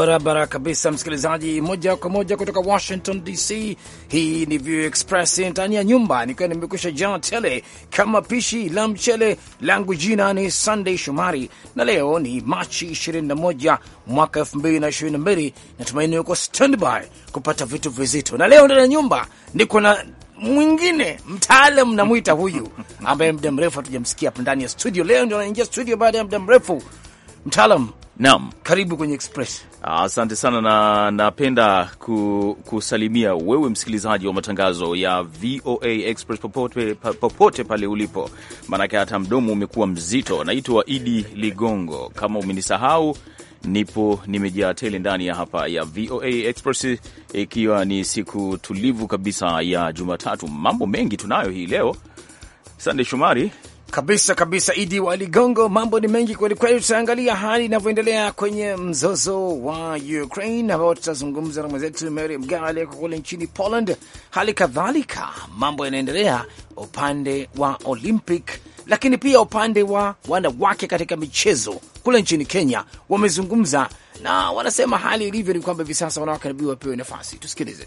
barabara kabisa, msikilizaji, moja kwa moja kutoka Washington DC. Hii ni View Express ndani ya nyumba, nikiwa nimekusha jana tele kama pishi la mchele langu. Jina ni Sunday Shomari na leo ni Machi 21 mwaka 2022. Natumaini uko standby kupata vitu vizito, na leo ndani ya nyumba niko na mwingine mtaalam namwita huyu, ambaye muda mrefu hatujamsikia hapa ndani ya studio. Leo ndio anaingia studio baada ya muda mrefu. Mtaalam Naam, karibu kwenye Express. Asante sana na napenda kusalimia wewe msikilizaji wa matangazo ya VOA Express popote, popote pale ulipo, maanake hata mdomo umekuwa mzito. Naitwa Idi Ligongo, kama umenisahau nipo nimejaa tele ndani ya hapa ya VOA Express, ikiwa ni siku tulivu kabisa ya Jumatatu. Mambo mengi tunayo hii leo. Sande Shomari, kabisa kabisa. Idi wa Ligongo, mambo ni mengi kweli kweli. Tutaangalia hali inavyoendelea kwenye mzozo wa Ukraine, ambao tutazungumza na mwenzetu Mary Mgawe aliyeko kule nchini Poland. Hali kadhalika mambo yanaendelea upande wa Olympic, lakini pia upande wa wanawake katika michezo kule nchini Kenya wamezungumza na wanasema hali ilivyo ni kwamba hivi sasa wanawake nabii wapewe nafasi. Tusikilize.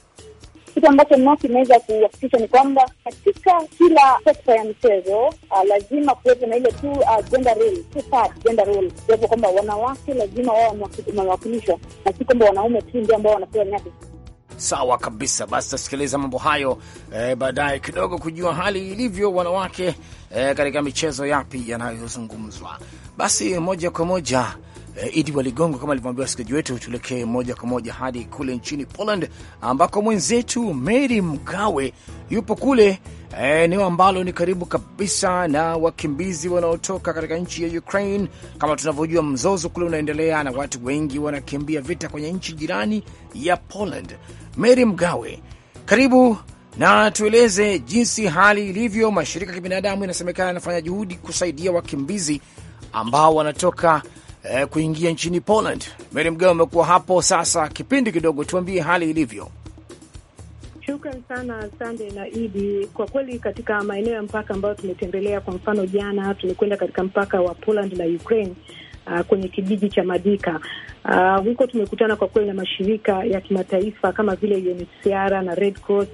Kitu ambacho nao kimeweza kuhakikisha ni kwamba katika kila sekta ya michezo ah, lazima kuwepo na ile tu ah, gender role, two part gender role, kuwepo kwamba wanawake lazima wao wamewakilishwa na si kwamba wanaume tu ndio ambao wanapewa nyati. Sawa kabisa. Basi tasikiliza mambo hayo eh, baadaye kidogo kujua hali ilivyo wanawake eh, katika michezo yapi yanayozungumzwa. Basi moja kwa moja eh, Idi Waligongo, kama alivyoambia wasikilizaji wetu, tuelekee moja kwa moja hadi kule nchini Poland ambako mwenzetu Mary Mgawe yupo kule. Eneo ambalo ni karibu kabisa na wakimbizi wanaotoka katika nchi ya Ukraine. Kama tunavyojua, mzozo kule unaendelea na watu wengi wanakimbia vita kwenye nchi jirani ya Poland. Mary Mgawe, karibu na tueleze jinsi hali ilivyo. Mashirika ya kibinadamu inasemekana yanafanya juhudi kusaidia wakimbizi ambao wanatoka eh, kuingia nchini Poland. Meri Mgawe, amekuwa hapo sasa kipindi kidogo, tuambie hali ilivyo. Shukran sana Sande na Idi. Kwa kweli katika maeneo ya mpaka ambayo tumetembelea, kwa mfano jana tulikwenda katika mpaka wa Poland na Ukraine uh, kwenye kijiji cha Madika uh, huko tumekutana kwa kweli na mashirika ya kimataifa kama vile UNHCR na Red Cross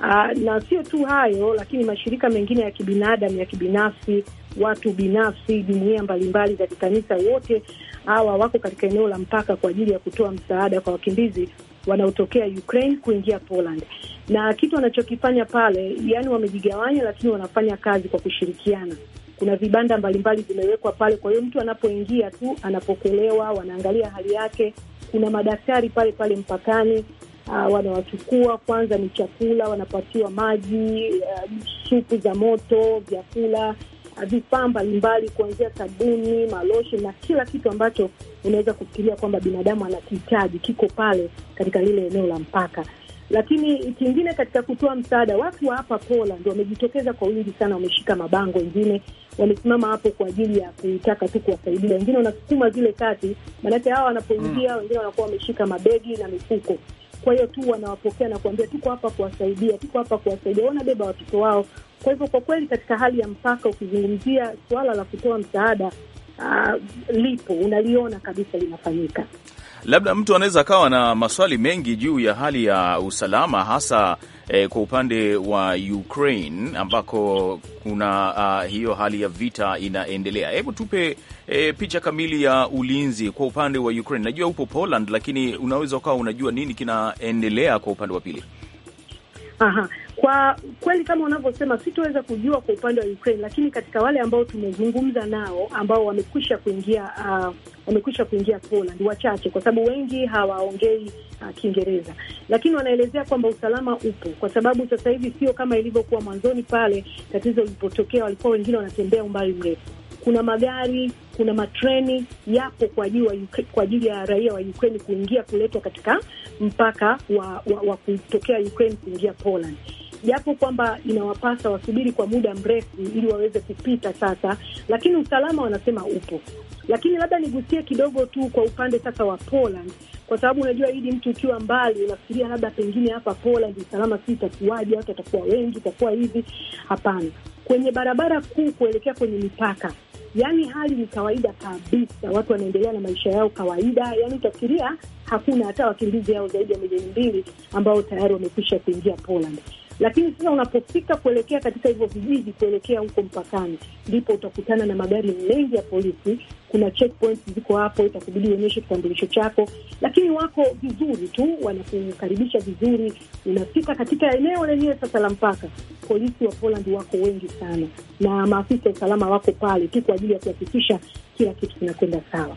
uh, na sio tu hayo, lakini mashirika mengine ya kibinadamu ya kibinafsi, watu binafsi, jumuiya mbalimbali za kikanisa, wote hawa wako katika eneo la mpaka kwa ajili ya kutoa msaada kwa wakimbizi wanaotokea Ukraine kuingia Poland, na kitu wanachokifanya pale, yani wamejigawanya, lakini wanafanya kazi kwa kushirikiana kuna vibanda mbalimbali vimewekwa pale. Kwa hiyo mtu anapoingia tu anapokelewa, wanaangalia hali yake. Kuna madaktari pale pale mpakani uh, wanawachukua kwanza, ni chakula, wanapatiwa maji, uh, supu za moto, vyakula ah, vifaa mbalimbali kuanzia sabuni, maloshi na kila kitu ambacho unaweza kufikiria kwamba binadamu anakihitaji kiko pale katika lile eneo la mpaka. Lakini kingine katika kutoa msaada, watu wa hapa Poland wamejitokeza kwa wingi sana, wameshika mabango, wengine wamesimama hapo kwa ajili ya kutaka tu kuwasaidia. Wengine wanasukuma zile kati, maanake hawa wanapoingia, mm. wengine wanakuwa wameshika mabegi na mifuko kwa hiyo tu wanawapokea na kuambia tuko hapa kuwasaidia, tuko hapa kuwasaidia, wanabeba watoto wao. Kwa hivyo kwa kweli, katika hali ya mpaka, ukizungumzia suala la kutoa msaada uh, lipo, unaliona kabisa linafanyika. Labda mtu anaweza akawa na maswali mengi juu ya hali ya usalama hasa eh, kwa upande wa Ukraine ambako kuna uh, hiyo hali ya vita inaendelea. Hebu tupe eh, picha kamili ya ulinzi kwa upande wa Ukraine. Najua upo Poland, lakini unaweza ukawa unajua nini kinaendelea kwa upande wa pili. Aha. Kwa kweli kama unavyosema, sitoweza kujua kwa upande wa Ukraine, lakini katika wale ambao tumezungumza nao ambao wamekwisha kuingia uh, wamekwisha kuingia Poland wachache, kwa sababu wengi hawaongei uh, Kiingereza, lakini wanaelezea kwamba usalama upo, kwa sababu sasa hivi sio kama ilivyokuwa mwanzoni pale tatizo lilipotokea, walikuwa wengine wanatembea umbali mrefu. Kuna magari, kuna matreni yapo kwa ajili wa kwa ajili ya raia wa Ukraine kuingia kuletwa katika mpaka wa, wa, wa kutokea Ukraine kuingia Poland japo kwamba inawapasa wasubiri kwa muda mrefu ili waweze kupita sasa, lakini usalama wanasema upo. Lakini labda nigusie kidogo tu kwa upande sasa wa Poland, kwa sababu unajua hili mtu ukiwa mbali unafikiria labda pengine hapa Poland usalama si itakuwaje, watu watakuwa wengi, itakuwa hivi. Hapana, kwenye barabara kuu kuelekea kwenye mipaka Yaani hali ni kawaida kabisa, watu wanaendelea na maisha yao kawaida. Yaani utafikiria hakuna hata wakimbizi hao zaidi ya milioni mbili ambao tayari wamekwisha kuingia Poland. Lakini sasa unapofika kuelekea katika hivyo vijiji, kuelekea huko mpakani, ndipo utakutana na magari mengi ya polisi. Kuna checkpoints ziko hapo, itakubidi uonyeshe kitambulisho chako, lakini wako vizuri tu, wanakukaribisha vizuri. Unafika katika eneo lenyewe sasa la mpaka, polisi wa Poland wako wengi sana na maafisa usalama wako pale tu kwa ajili ya kuhakikisha kila kitu kinakwenda sawa.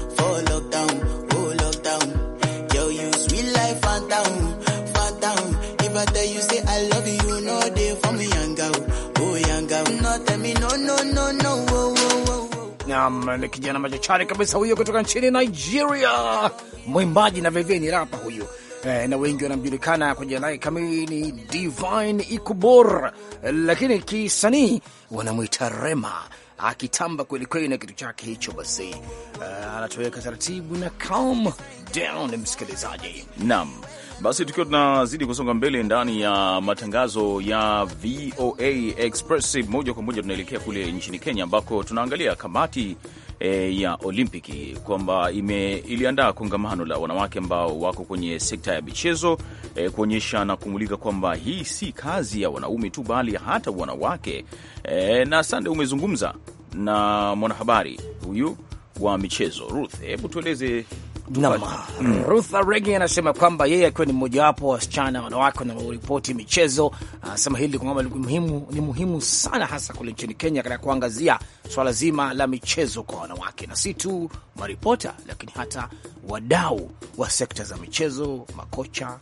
Naam, ni kijana machachari kabisa huyo kutoka nchini Nigeria, mwimbaji na vilevile ni rapa huyu eh, na wengi wanamjulikana kwa jina lake kamili ni Divine Ikubor, lakini kisanii wanamwita Rema akitamba kwelikweli na kitu chake hicho. Basi eh, anatoweka taratibu na calm down, msikilizaji. Naam, basi tukiwa tunazidi kusonga mbele ndani ya matangazo ya VOA Express, moja kwa moja tunaelekea kule nchini Kenya ambako tunaangalia kamati e, ya Olimpiki kwamba iliandaa kongamano la wanawake ambao wako kwenye sekta ya michezo e, kuonyesha na kumulika kwamba hii si kazi ya wanaume tu bali hata wanawake e, na Sande, umezungumza na mwanahabari huyu wa michezo Ruth, hebu tueleze Mm. Rutha Regi anasema kwamba yeye akiwa ni mmojawapo wasichana wanawake wanaoripoti michezo, anasema hili ni muhimu sana, hasa kule nchini Kenya, katika kuangazia swala zima la michezo kwa wanawake, na si tu maripota, lakini hata wadau wa sekta za michezo, makocha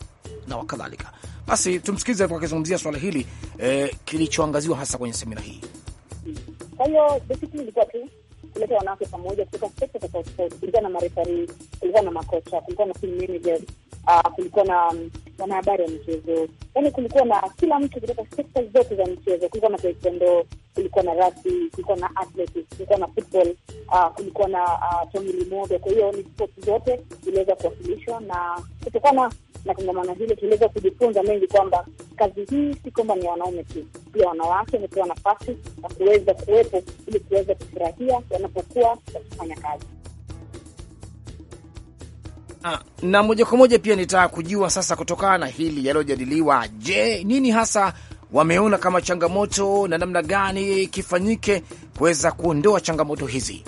na wakadhalika. Basi tumsikize akizungumzia swala hili eh, kilichoangaziwa hasa kwenye semina hii. Kwa hiyo basically ilikuwa tu kuleta wanawake pamoja kutoka sekta tofauti tofauti, kulikuwa na marefari, ah, kulikuwa na makocha, kulikuwa na team managers, kulikuwa na um, wanahabari wa michezo. yani kulikuwa na kila mtu kutoka sekta zote za michezo. Kulikuwa na taekwondo, kulikuwa na rugby, kulikuwa na athletics, kulikuwa na football, uh, kulikuwa na uh, Tommy Limodo. Kwa hiyo ni sports zote ziliweza kuwasilishwa, na kutokana na kongamano hilo tuliweza kujifunza mengi kwamba kazi hii si kwamba ni wanaume tu, pia wanawake wamepewa nafasi na kuweza kuwepo ili kuweza kufurahia wanapokuwa wakifanya kazi. Ah, na moja kwa moja pia nitaka kujua sasa, kutokana na hili yaliyojadiliwa, je, nini hasa wameona kama changamoto na namna gani kifanyike kuweza kuondoa changamoto hizi?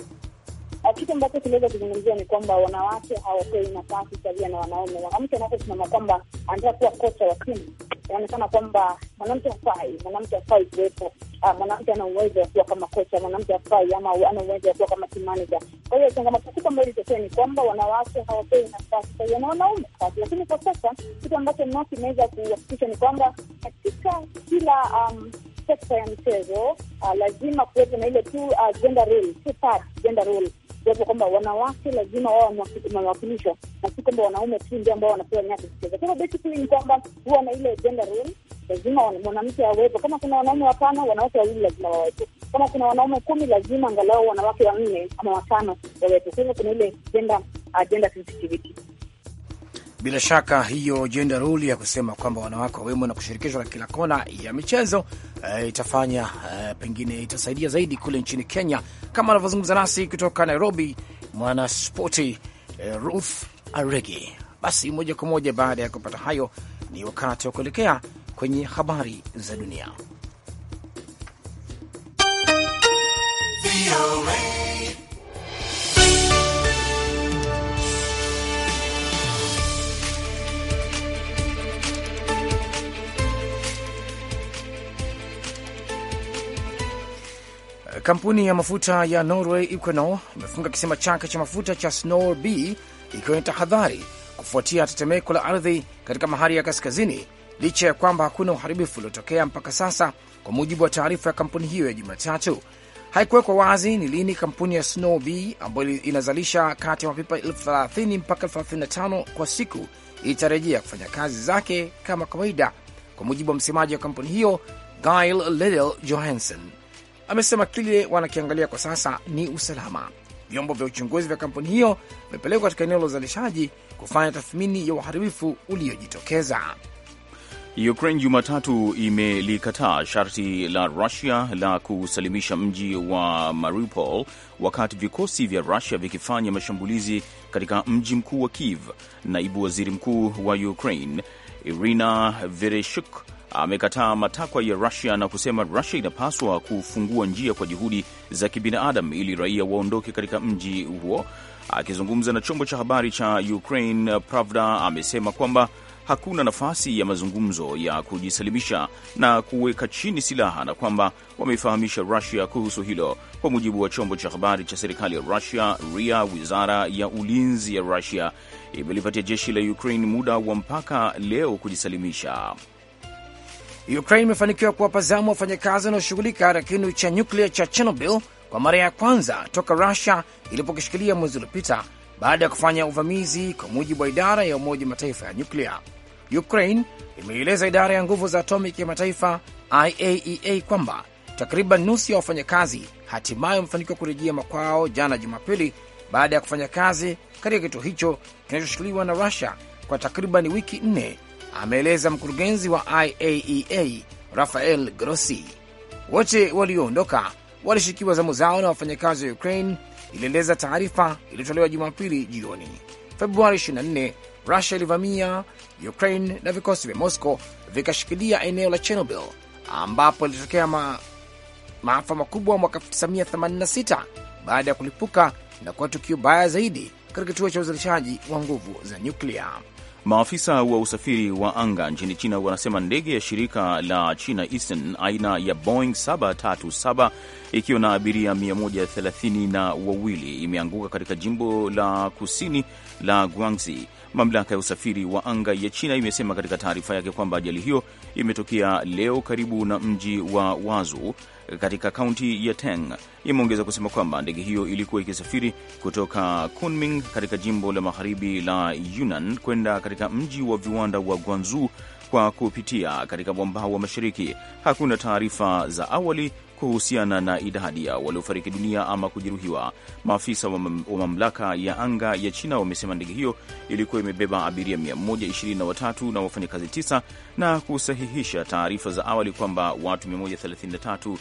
Ah, kitu ambacho kiliweza kuzungumzia ni kwamba wanawake hawapewi nafasi sawia na wanaume. Mwanamke anaposimama kwamba anataka kuwa kocha wa timu, inaonekana kwamba mwanamke hafai, mwanamke hafai kuwepo Ah, mwanamke ana uwezo wa kuwa kama kocha, mwanamke afai ama ana uwezo wa kuwa kama team manager. Kwa hiyo changamoto kubwa ambayo ilitokea ni kwamba wanawake hawapewi nafasi sahihi na wanaume nafasi, lakini kwa sasa kitu ambacho NOC imeweza kuhakikisha ni kwamba katika kila um, sekta ya michezo uh, ah, lazima kuwepo na ile tu uh, gender role, two part gender role kuwepo kwamba wanawake lazima wao wamewakilishwa na si kwamba wanaume tu ndio ambao wanapewa nyasi kucheza. Kwa hiyo basically ni kwamba huwa na ile gender role, lazima mwanamke awepo. Kama kuna wanaume watano, wanawake wawili lazima wawepo. Kama kuna wanaume kumi, lazima angalau wanawake wanne ama watano wawepo. Kwa hivyo kuna ile gender, uh, gender sensitivity bila shaka hiyo jenda rule ya kusema kwamba wanawake wawemo na kushirikishwa na kila kona ya michezo e, itafanya e, pengine itasaidia zaidi kule nchini Kenya, kama anavyozungumza nasi kutoka Nairobi mwanaspoti e, Ruth Aregi. Basi moja kwa moja baada ya kupata hayo, ni wakati wa kuelekea kwenye habari za dunia. Kampuni ya mafuta ya Norway Equinor imefunga kisima chake cha mafuta cha B ikiwa ni tahadhari kufuatia tetemeko la ardhi katika mahari ya kaskazini, licha ya kwamba hakuna uharibifu uliotokea mpaka sasa, kwa mujibu wa taarifa ya kampuni hiyo ya Jumatatu. Haikuwekwa wazi ni lini kampuni ya B ambayo inazalisha kati ya mapipa elfu thelathini mpaka elfu thelathini na tano kwa siku ilitarajia kufanya kazi zake kama kawaida, kwa mujibu wa msemaji wa kampuni hiyo Gail Lidl Johansen amesema kile wanakiangalia kwa sasa ni usalama. Vyombo vya uchunguzi vya kampuni hiyo vimepelekwa katika eneo la uzalishaji kufanya tathmini ya uharibifu uliojitokeza. Ukraine Jumatatu imelikataa sharti la Rusia la kusalimisha mji wa Mariupol wakati vikosi vya Rusia vikifanya mashambulizi katika mji mkuu wa Kiev. Naibu waziri mkuu wa Ukraine Irina vereshuk amekataa matakwa ya Rusia na kusema Rusia inapaswa kufungua njia kwa juhudi za kibinadamu ili raia waondoke katika mji huo. Akizungumza na chombo cha habari cha Ukraine Pravda, amesema kwamba hakuna nafasi ya mazungumzo ya kujisalimisha na kuweka chini silaha na kwamba wameifahamisha Rusia kuhusu hilo. Kwa mujibu wa chombo cha habari cha serikali ya Rusia RIA, wizara ya ulinzi ya Rusia imelipatia jeshi la Ukraine muda wa mpaka leo kujisalimisha. Ukraine imefanikiwa kuwapa zamu wafanyakazi wanaoshughulika na kinu cha nyuklia cha Chernobyl kwa mara ya kwanza toka Rusia ilipokishikilia mwezi uliopita baada ya kufanya uvamizi, kwa mujibu wa idara ya Umoja Mataifa ya nyuklia. Ukraine imeeleza idara ya nguvu za atomic ya mataifa IAEA e kwamba takriban nusu ya wafanyakazi hatimaye wamefanikiwa kurejea makwao jana Jumapili baada ya kufanya kazi katika kituo hicho kinachoshikiliwa na Rusia kwa takriban wiki nne ameeleza mkurugenzi wa IAEA e Rafael Grossi. Wote walioondoka walishikiwa zamu zao na wafanyakazi wa Ukraine, ilieleza taarifa iliyotolewa Jumapili jioni. Februari 24 Rusia ilivamia Ukraine na vikosi vya Moscow vikashikilia eneo la Chernobyl ambapo ilitokea ma... maafa makubwa mwaka 1986 baada ya kulipuka na kuwa tukio baya zaidi katika kituo cha uzalishaji wa nguvu za nyuklia. Maafisa wa usafiri wa anga nchini China wanasema ndege ya shirika la China Eastern aina ya Boeing 737 ikiwa na abiria 13 na wawili imeanguka katika jimbo la kusini la Guangxi. Mamlaka ya usafiri wa anga ya China imesema katika taarifa yake kwamba ajali hiyo imetokea leo karibu na mji wa Wazu katika kaunti ya Teng. Imeongeza kusema kwamba ndege hiyo ilikuwa ikisafiri kutoka Kunming katika jimbo la magharibi la Yunnan kwenda katika mji wa viwanda wa Guangzhou kwa kupitia katika mwambao wa mashariki. Hakuna taarifa za awali kuhusiana na idadi ya waliofariki dunia ama kujeruhiwa. Maafisa wa mamlaka ya anga ya China wamesema ndege hiyo ilikuwa imebeba abiria 123 na wafanyakazi 9 na kusahihisha taarifa za awali kwamba watu 133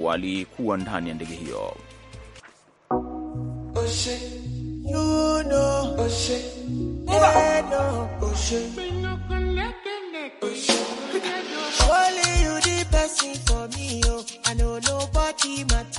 walikuwa ndani ya ndege hiyo. Oshé, you know, Oshé,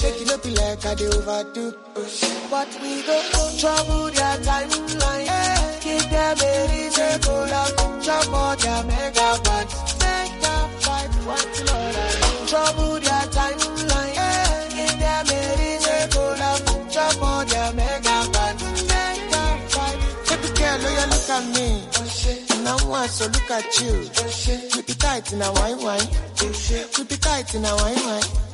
Shake it up like I do overdo. But we go trouble their timeline. Keep Give them oh, a reason to love. Chop all their megabytes. Make them fight one till other. Trouble their timeline. Keep Give them oh, a reason to love. Chop all their megabytes. Make them fight. Baby girl, oh yeah, look at me. Now I so oh, look at you. Keep it tight in a wine wine. Keep it tight in a wine wine.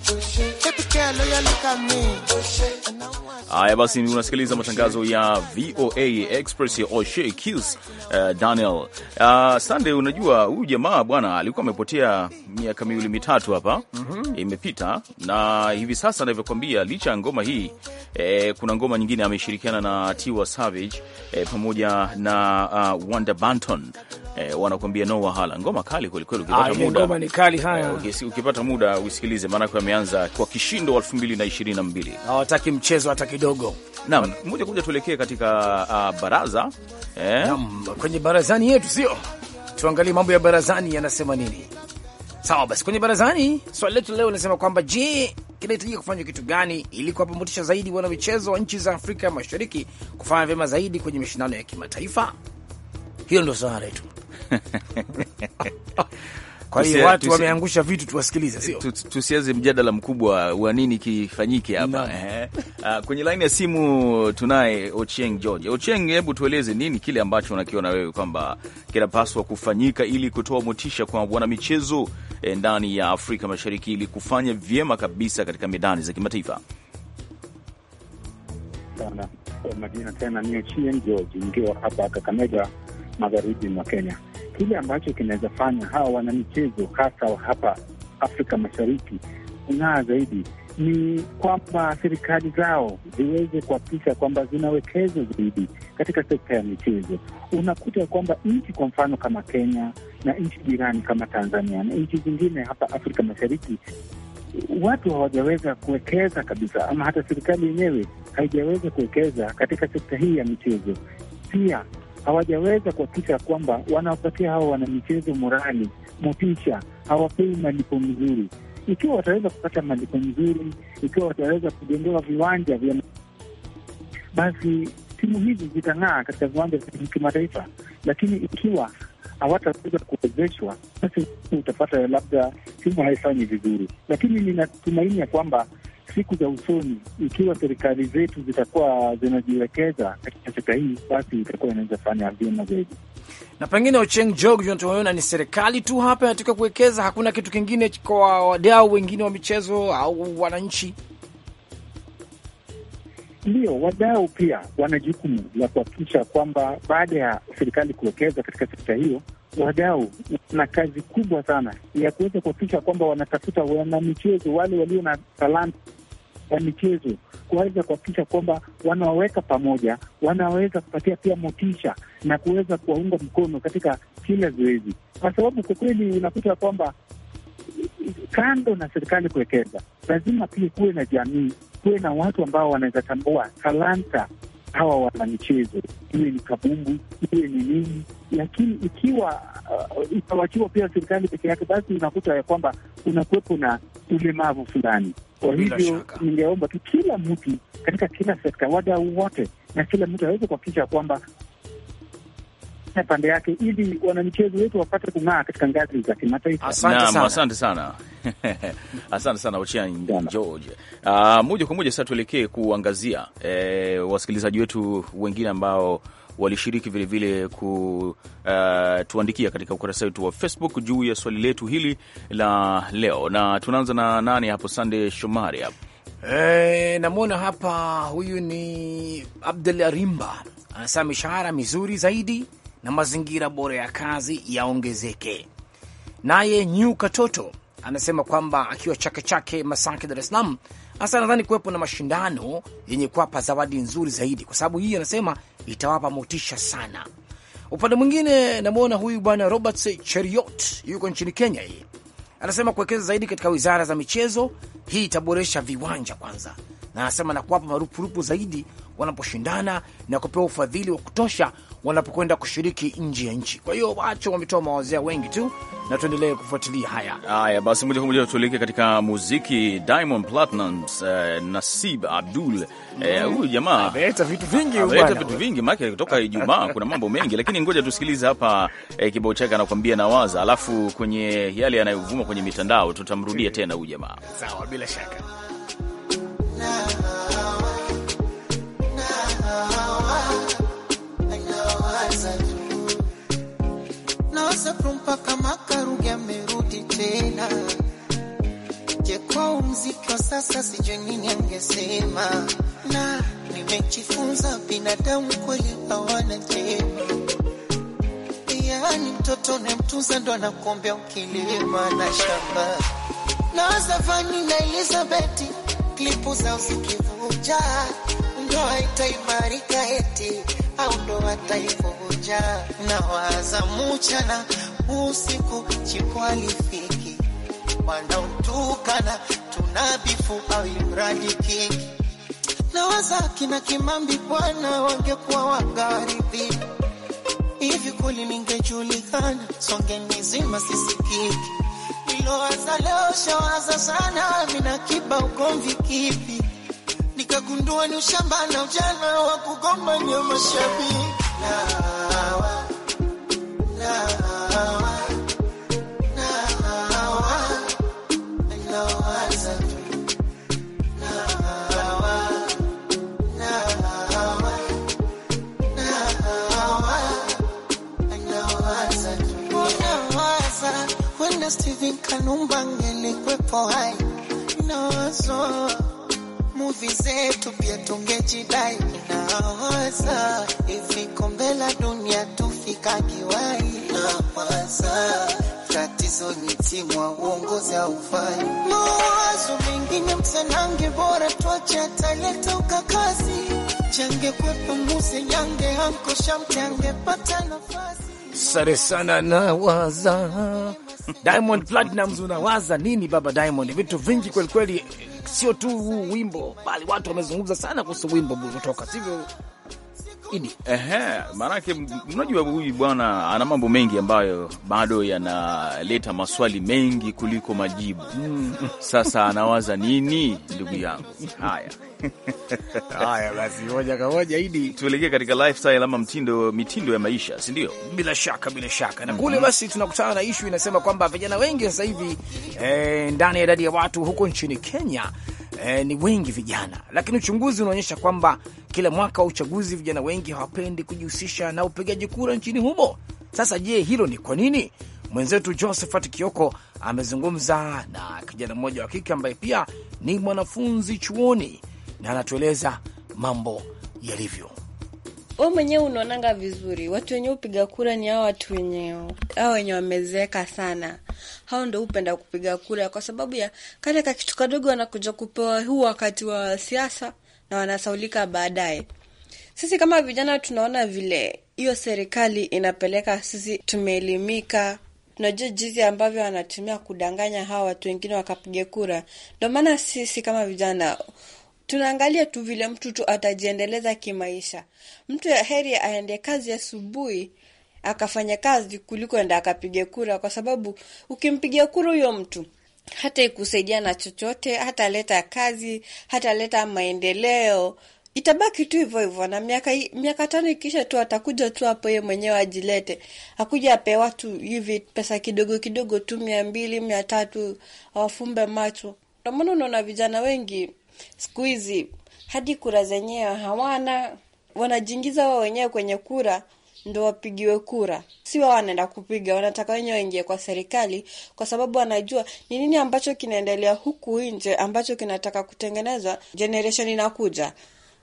Haya basi, unasikiliza matangazo ya VOA Express ya Oshe Kis. Uh, eh, Daniel uh, ah, Sande, unajua huyu jamaa bwana alikuwa amepotea miaka miwili mitatu hapa mm -hmm. imepita na hivi sasa anavyokwambia, licha ya ngoma hii e, kuna ngoma nyingine ameshirikiana na Tiwa Savage e, pamoja na uh, Wanda Banton e, wanakuambia no wahala. Ngoma kali kwelikweli, ukipata muda, ukipata muda usikilize maanake imeanza kwa kishindo wa 2022 hawataki mchezo hata kidogo. Naam, moja kwa moja tuelekee katika uh, baraza eh. Naam, kwenye barazani yetu, sio tuangalie mambo ya barazani yanasema nini. Sawa, basi kwenye barazani swali letu leo linasema kwamba je, kinahitajika kufanywa kitu gani ili kuwapa motisha zaidi wanamichezo wa nchi za Afrika Mashariki kufanya vyema zaidi kwenye mashindano ya kimataifa? Hilo ndio swala letu. Kwa hiyo watu wameangusha vitu, tuwasikilize, sio tusianze mjadala mkubwa wa nini kifanyike hapa. Ah, kwenye laini ya simu tunaye Ochieng George. Ochieng, hebu tueleze nini kile ambacho unakiona wewe kwamba kinapaswa kufanyika ili kutoa motisha kwa wanamichezo eh, ndani ya Afrika Mashariki ili kufanya vyema kabisa katika medani za kimataifa. Majina tena ni Ochieng George, nikiwa hapa Kakamega, magharibi mwa Kenya kile ambacho kinaweza fanya hawa wanamichezo hasa hapa Afrika Mashariki kung'aa zaidi ni kwamba serikali zao ziweze kuhakikisha kwamba zinawekeza zaidi katika sekta ya michezo. Unakuta kwamba nchi kwa mfano kama Kenya na nchi jirani kama Tanzania na nchi zingine hapa Afrika Mashariki, watu hawajaweza kuwekeza kabisa, ama hata serikali yenyewe haijaweza kuwekeza katika sekta hii ya michezo. Pia hawajaweza kuhakikisha kwamba wanawapatia hawa wanamichezo morali, motisha, hawapewi malipo mzuri. Ikiwa wataweza kupata malipo mzuri, ikiwa wataweza kujengewa viwanja vya basi timu hizi zitang'aa katika viwanja vya kimataifa, lakini ikiwa hawataweza kuwezeshwa, basi utapata labda timu haifanyi vizuri, lakini ninatumaini ya kwamba siku za usoni, ikiwa serikali zetu zitakuwa zinajiwekeza katika sekta hii, basi itakuwa inaweza fanya vyema zaidi. Na pengine Ocheng Jog, tunaona ni serikali tu hapa inataka kuwekeza, hakuna kitu kingine kwa wadau wengine wa michezo au wananchi. Ndio, wadau pia wana jukumu la kuhakikisha kwamba baada ya serikali kuwekeza katika sekta hiyo, wadau wana kazi kubwa sana ya kuweza kuhakikisha kwamba wanatafuta wanamichezo wale walio na talanta ya michezo kuweza kuhakikisha kwamba wanaoweka pamoja, wanaweza kupatia pia motisha na kuweza kuwaunga mkono katika kila zoezi, kwa sababu kwa kweli unakuta kwamba kando na serikali kuwekeza, lazima pia kuwe na jamii, kuwe na watu ambao wanaweza tambua talanta hawa michezo iwe ni kabumbu, iwe ni nini. Lakini ikiwa uh, itawachiwa pia serikali peke yake, basi unakuta ya kwamba unakuwepo na ulemavu fulani. Kwa hivyo ningeomba tu kila mtu katika kila sekta, wadau wote na kila mtu aweze kuhakikisha kwamba pande yake ili wanamichezo wetu wapate kung'aa katika ngazi za kimataifa. Asante sana, asante sana, asante sana Ochieng George. Uh, moja kwa moja sasa tuelekee kuangazia eh, wasikilizaji wetu wengine ambao walishiriki vilevile kutuandikia eh, uh, katika ukurasa wetu wa Facebook juu ya swali letu hili la leo, na tunaanza na nani hapo? Sande Shomari hapo. E, namwona hapa, huyu ni Abdul Arimba anasema mishahara mizuri zaidi na mazingira bora ya kazi yaongezeke. Naye Nyuka Toto anasema kwamba akiwa Chake Chake masake Dar es Salaam Hasa nadhani kuwepo na mashindano yenye kuwapa zawadi nzuri zaidi, kwa sababu hii anasema itawapa motisha sana. Upande mwingine, namwona huyu bwana Robert Cheriot, yuko nchini Kenya. Hii anasema kuwekeza zaidi katika wizara za michezo, hii itaboresha viwanja kwanza, na anasema na kuwapa marupurupu zaidi wanaposhindana na kupewa ufadhili wa kutosha wanapokwenda kushiriki nje ya nchi. Kwa hiyo wacho wametoa mawazia wengi tu, na tuendelee kufuatilia haya haya. Basi moja kwa moja tuelekee katika muziki. Diamond Platnumz, eh, Nasib Abdul eh, mm. huyu eh, jamaa ameleta vitu vingi, ameleta vitu vingi maana kutoka Ijumaa kuna mambo mengi, lakini ngoja tusikilize hapa eh, kibao chake anakuambia na waza, alafu kwenye yale yanayovuma kwenye mitandao tutamrudia tena huyu jamaa. Sawa, bila shaka. Masakru mpaka Makaruge amerudi tena. Je, kwa mziki wa sasa sijui nini angesema, na nimejifunza binadamu kweli hawana jema. yani mtoto unayemtunza ndo anakuombea ukilima na shamba na Savani na Elizabeth, klipu zao zikivuja ndo itaimarika eti au ndo wataikuvuja na waza muchana usiku chikwalifiki wanaotukana tunabifu au imradi kiki na waza kina Kimambi bwana wangekuwa wangaribi hivi kuli ningejulikana songe mizima sisikiki nilowaza leo shawaza sana mina kiba ugomvi kipi ukagundua ni ushamba na ujana wa kugombania mashabiki nawa nawa Stephen Kanumba ngelikwepo hai nawazo muvi zetu pia tungejidai nawasa hivi kombe la dunia tufika kiwai nawasa tatizo ni timu wa uongozi haufai mawazo mengine msanange bora tuache ataleta ukakazi change kwepemuse yange hanko shamte angepata nafasi Sare sana na waza Diamond Platinumz, unawaza nini baba Diamond? Vitu vingi kwelikweli sio tu wimbo, bali watu wamezungumza sana kuhusu wimbo kutoka, sivyo? Idi. Ehe, maanake unajua huyu bwana ana mambo mengi ambayo bado yanaleta maswali mengi kuliko majibu. Sasa anawaza nini ndugu yangu? Haya. Haya basi, moja kwa moja Idi, tuelekee katika lifestyle ama mtindo, mitindo ya maisha, si ndio? Bila shaka, bila shaka na mhm. Kule basi tunakutana na ishu inasema kwamba vijana wengi sasa hivi eh, ndani ya idadi ya watu huko nchini Kenya eh, ni wengi vijana, lakini uchunguzi unaonyesha kwamba kila mwaka wa uchaguzi, vijana wengi hawapendi kujihusisha na upigaji kura nchini humo. Sasa je, hilo ni kwa nini? Mwenzetu Josephat Kioko amezungumza na kijana mmoja wa kike ambaye pia ni mwanafunzi chuoni na anatueleza mambo yalivyo. We mwenyewe unaonanga vizuri, watu wenyewe upiga kura ni hao watu wenyewe hao wenye wamezeeka sana, hao ndo hupenda kupiga kura kwa sababu ya kale ka kitu kadogo wanakuja kupewa huu wakati wa siasa na wanasaulika baadaye. Sisi kama vijana tunaona vile hiyo serikali inapeleka, sisi tumeelimika, tunajua jinsi ambavyo wanatumia kudanganya hawa watu wengine wakapiga kura. Ndio maana sisi kama vijana tunaangalia tu vile mtu tu atajiendeleza kimaisha. Mtu ya heri aende kazi asubuhi akafanya kazi kuliko enda akapiga kura, kwa sababu ukimpiga kura huyo mtu hata na chochote, hataleta kazi, hataleta maendeleo, itabaki tu hivyo hivyo. Na miaka miaka tano ikisha tu atakuja tu hapo yeye mwenyewe ajilete, akuja ape watu hivi pesa kidogo kidogo tu mia mbili mia tatu awafumbe macho. Ndio maana unaona vijana wengi siku hizi hadi kura zenyewe hawana, wanajiingiza wao wenyewe kwenye kura ndo wapigiwe kura, si wao wanaenda kupiga. Wanataka wenyewe waingie kwa serikali, kwa sababu wanajua ni nini ambacho kinaendelea huku nje ambacho kinataka kutengenezwa generation inakuja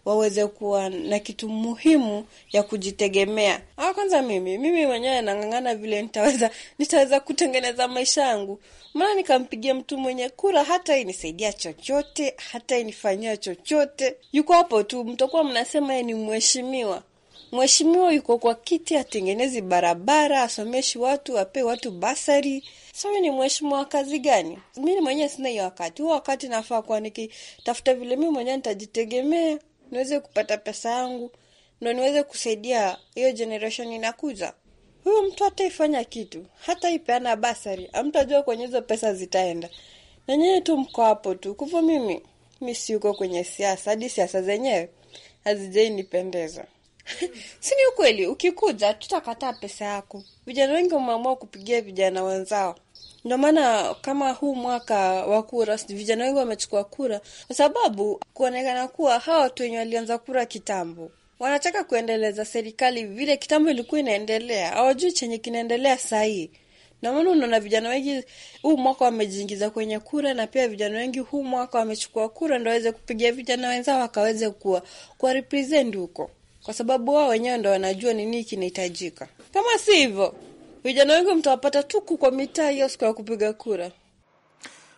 waweze kuwa na kitu muhimu ya kujitegemea. Ah, kwanza mimi mimi mwenyewe nang'ang'ana vile nitaweza nitaweza kutengeneza maisha yangu, maana nikampigia mtu mwenye kura hata inisaidia chochote, hata inifanyia chochote, yuko hapo tu, mtakuwa mnasema ye ni mheshimiwa. Mheshimiwa yuko kwa kiti, atengenezi barabara, asomeshi watu, ape watu basari. Sasa ni mheshimiwa wa kazi gani? Mimi mwenyewe sina hiyo wakati huo, wakati nafaa kuwa nikitafuta vile mimi mwenyewe nitajitegemea, niweze kupata pesa yangu ndo niweze kusaidia hiyo generation inakuza Huyu mtu ataifanya kitu, hata ipeana basari, amtajua kwenye hizo pesa zitaenda, nanyewe tu mko hapo tu. Kwa hivyo mimi mi siuko kwenye siasa, hadi siasa zenyewe hazijainipendeza. si ni ukweli? Ukikuja tutakataa pesa yako. Vijana wengi wameamua kupigia vijana wenzao. Ndio maana kama huu mwaka wa kura, vijana wengi wamechukua kura kwa sababu kuonekana kuwa hawa watu wenye walianza kura kitambo wanataka kuendeleza serikali vile kitambo ilikuwa inaendelea. Hawajui chenye kinaendelea saa hii. Na maana unaona vijana wengi huu mwaka wamejiingiza kwenye kura, na pia vijana wengi huu mwaka wamechukua kura ndo waweze kupigia vijana wenzao wakaweze kuwa kuwa represent huko kwa sababu wao wenyewe ndo wanajua nini kinahitajika. Kama si hivyo, vijana wengi mtawapata tuku kwa mitaa hiyo siku ya kupiga kura.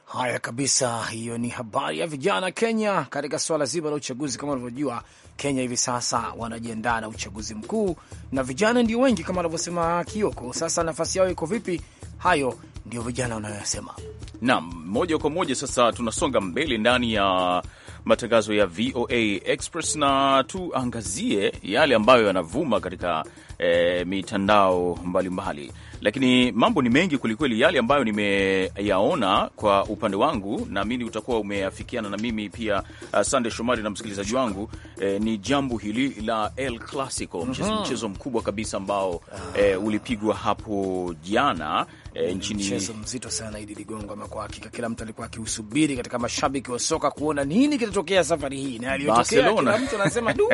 Haya kabisa, hiyo ni habari ya vijana Kenya katika swala zima la uchaguzi. Kama unavyojua, Kenya hivi sasa wanajiandaa na uchaguzi mkuu, na vijana ndio wengi kama anavyosema Kioko. Sasa nafasi yao iko vipi? Hayo ndio vijana wanayoyasema. Naam, moja kwa moja sasa tunasonga mbele ndani ya matangazo ya VOA Express na tuangazie yale ambayo yanavuma katika eh, mitandao mbalimbali mbali lakini mambo ni mengi kwelikweli. Yale ambayo nimeyaona kwa upande wangu, naamini utakuwa umeafikiana na mimi pia, uh, Sande Shomari na msikilizaji wangu eh, ni jambo hili la El Clasico, mchezo, mhm. mchezo mkubwa kabisa ambao eh, ulipigwa hapo jana eh, nchini. Mchezo mzito sana, Idi Ligongo, ama kwa hakika kila mtu alikuwa akiusubiri katika mashabiki wa soka kuona nini kitatokea safari hii na aliyotokea, kila mtu anasema du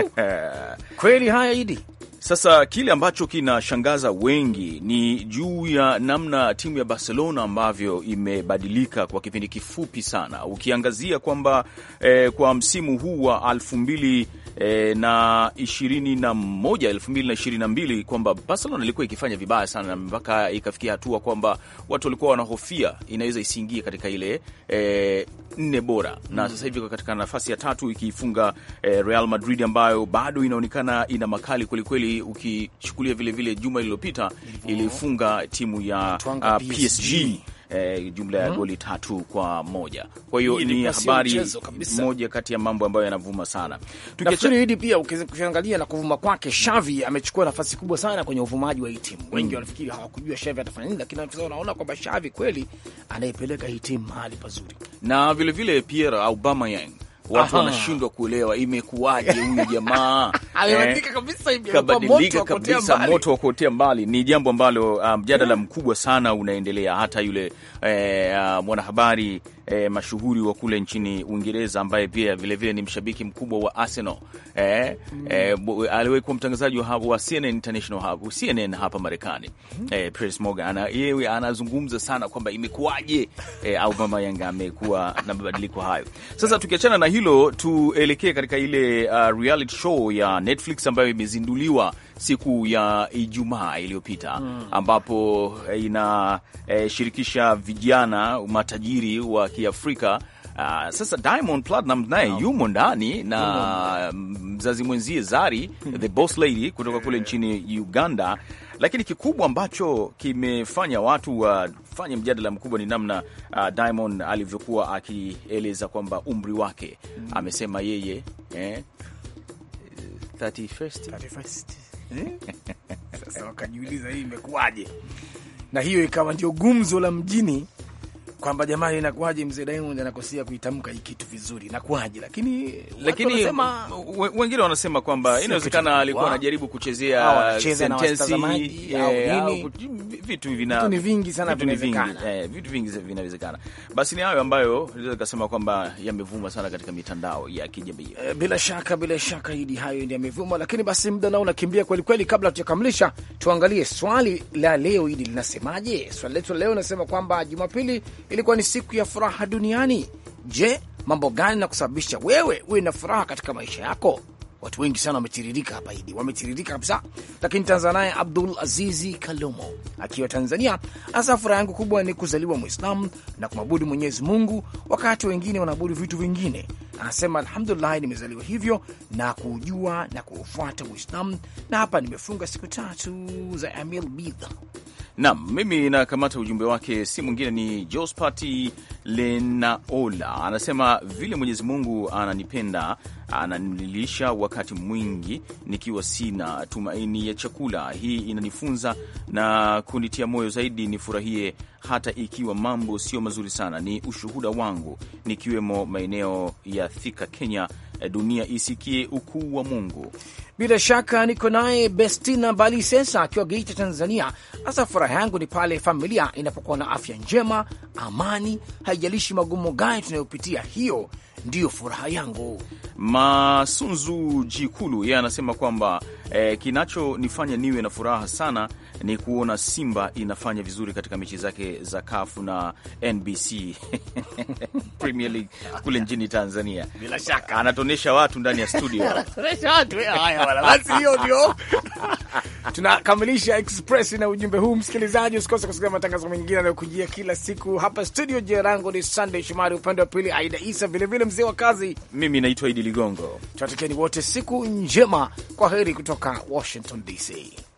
kweli. Haya, Idi sasa kile ambacho kinashangaza wengi ni juu ya namna timu ya Barcelona ambavyo imebadilika kwa kipindi kifupi sana, ukiangazia kwamba eh, kwa msimu huu wa elfu mbili e, na 21 2022 kwamba Barcelona ilikuwa ikifanya vibaya sana mpaka ikafikia hatua kwamba watu walikuwa wanahofia inaweza isiingie katika ile e, nne bora mm. Na sasa hivi katika nafasi ya tatu ikiifunga e, Real Madrid ambayo bado inaonekana ina makali kwelikweli, ukichukulia vilevile juma lililopita ilifunga timu ya PSG, PSG eh, jumla ya mm -hmm. goli tatu kwa moja. Kwa hiyo ni habari moja kati ya mambo ambayo yanavuma sana. Tukiachana hidi pia ukiangalia na kuvuma kwake, Shavi amechukua nafasi kubwa sana kwenye uvumaji wa hii timu. Wengi mm. wanafikiri hawakujua Shavi atafanya nini, lakini afisa wanaona kwamba Shavi kweli anaipeleka hii timu mahali pazuri. Na vilevile Pierre Aubameyang watu wanashindwa kuelewa imekuwaje huyu jamaa eh, kabisa, kabadilika kabisa, moto wa kuotea mbali. Ni jambo ambalo ah, mjadala um, mkubwa sana unaendelea. Hata yule eh, ah, mwanahabari e, mashuhuri wa kule nchini Uingereza ambaye pia vilevile ni mshabiki mkubwa wa Arsenal e, mm. e, aliwahi kuwa mtangazaji wa, wa CNN International CNN hapa Marekani mm. e, Piers Morgan yeye anazungumza sana kwamba imekuwaje e, au mama Yanga amekuwa na mabadiliko hayo. Sasa tukiachana na hilo, tuelekee katika ile uh, reality show ya Netflix ambayo imezinduliwa siku ya Ijumaa iliyopita mm. ambapo eh, inashirikisha eh, e, vijana matajiri wa Kiafrika. Uh, sasa Diamond Platinum naye no. yumo ndani na mzazi mwenzie Zari hmm. the boss lady kutoka kule eh. nchini Uganda, lakini kikubwa ambacho kimefanya watu wafanye uh, mjadala mkubwa ni namna uh, Diamond alivyokuwa akieleza kwamba umri wake mm. amesema yeye eh, 31st. 31st. Sasa wakajiuliza hii imekuwaje, na hiyo ikawa ndio gumzo la mjini kwamba jamani, inakuwaje mzee Diamond anakosea kuitamka hii kitu vizuri, inakuwaje? Lakini lakini wanasema, wengine wanasema kwamba inawezekana alikuwa anajaribu kuchezea sentensi eh, au vitu vina ni vingi sana vitu vingi, eh, vitu vingi vinawezekana. Basi ni hayo ambayo ndio nikasema kwamba yamevuma sana katika mitandao ya kijamii. Eh, bila shaka bila shaka hili hayo ndio yamevuma, lakini basi muda nao unakimbia kweli kweli. Kabla hatujakamilisha, tuangalie swali la leo hili linasemaje. Swali letu leo nasema kwamba Jumapili ilikuwa ni siku ya furaha duniani. Je, mambo gani na kusababisha wewe uwe na furaha katika maisha yako? Watu wengi sana wametiririka hapa, Idi, wametiririka kabisa. Lakini tanza naye Abdul Azizi Kalomo akiwa Tanzania anasema furaha yangu kubwa ni kuzaliwa Mwislamu na kumwabudu Mwenyezi Mungu, wakati wengine wanaabudu vitu vingine anasema alhamdulillahi, nimezaliwa hivyo na kuujua na kuufuata Uislamu, na hapa nimefunga siku tatu za amil bidha. Naam, mimi nakamata ujumbe wake, si mwingine ni Jospati Lenaola, anasema vile Mwenyezi Mungu ananipenda ananililisha wakati mwingi nikiwa sina tumaini ya chakula. Hii inanifunza na kunitia moyo zaidi nifurahie hata ikiwa mambo sio mazuri sana. Ni ushuhuda wangu, nikiwemo maeneo ya Thika, Kenya dunia isikie ukuu wa Mungu. Bila shaka niko naye Bestina Balisesa akiwa Geita, Tanzania. Hasa furaha yangu ni pale familia inapokuwa na afya njema, amani, haijalishi magumu gani tunayopitia, hiyo ndiyo furaha yangu. Masunzu Jikulu yeye anasema kwamba eh, kinachonifanya niwe na furaha sana ni kuona Simba inafanya vizuri katika mechi zake za kafu na NBC Premier League kule nchini Tanzania. Bila shaka anatonesha watu ndani ya studio anatonesha watu. Haya wala basi hiyo ndio tunakamilisha express na ujumbe huu. Msikilizaji, usikose kusikiliza matangazo mengine yanayokujia kila siku hapa studio. Jina langu ni Sunday Shomari, upande wa pili Aida Isa, vilevile mzee wa kazi, mimi naitwa Idi Ligongo. Tunatakieni wote siku njema, kwa heri kutoka Washington DC.